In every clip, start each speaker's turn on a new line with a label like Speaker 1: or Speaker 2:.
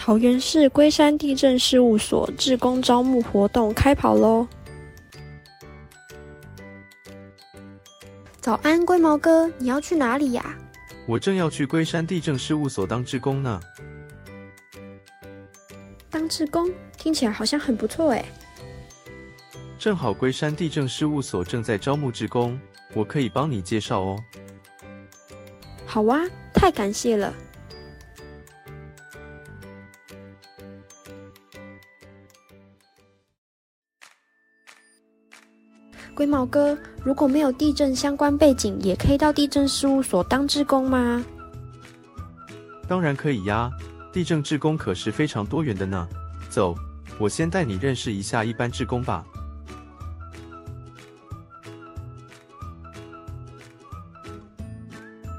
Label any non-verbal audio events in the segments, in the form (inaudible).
Speaker 1: 桃園市龜山地政事務所志工招募活動開跑嘍！早安，龜毛哥，你要去哪裡呀？啊，
Speaker 2: 我正要去龜山地政事務所當志工呢。
Speaker 1: 當志工聽起來好像很不錯誒。
Speaker 2: 正好龜山地政事務所正在招募志工，我可以幫你介紹哦。
Speaker 1: 好哇，啊，太感謝了。龜毛哥，如果沒有地政相關背景，也可以到地政事務所當志工嗎？
Speaker 2: 當然可以呀，地政志工可是非常多元的呢。走，我先帶你認識一下一般志工吧。 (noise)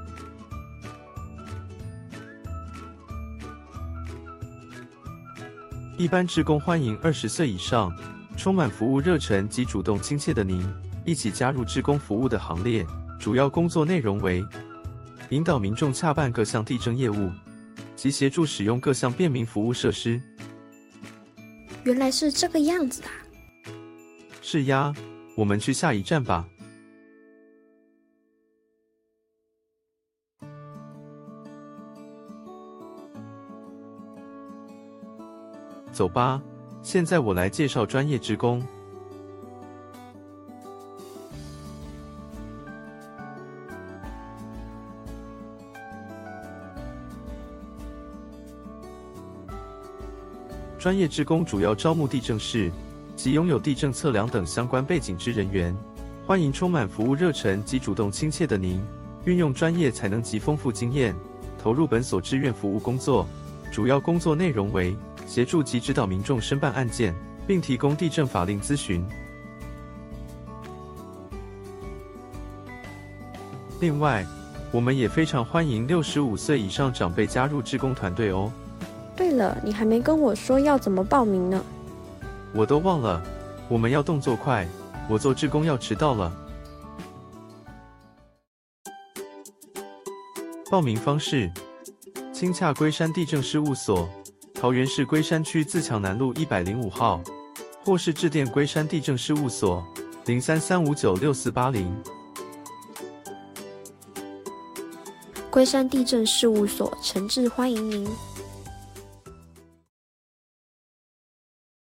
Speaker 2: 一般志工歡迎二十歲以上，充滿服務熱忱及主動親切的您，一起加入志工服務的行列。主要工作內容為引導民眾洽辦各項地政業務，及協助使用各項便民服務設施。
Speaker 1: 原來是這個樣子的啊。
Speaker 2: 是呀，我們去下一站吧。走吧。現在我來介紹專業志工。專業志工主要招募地政士及擁有地政測量等相關背景之人員，歡迎充滿服務熱忱及主動親切的您，運用專業才能及豐富經驗，投入本所志願服務工作。主要工作內容為，協助及指導民眾申辦案件，並提供地政法令諮詢。另外，我們也非常歡迎六十五歲以上長輩加入志工團隊哦。
Speaker 1: 對了，你還沒跟我說要怎麼報名呢？
Speaker 2: 我都忘了，我們要動作快，我做志工要遲到了。報名方式：請洽龜山地政事務所。桃園市龜山區自強南路一百零五號，或是致電龜山地政事務所零三三五九六四八零。
Speaker 1: 龜山地政事務所誠摯歡迎您。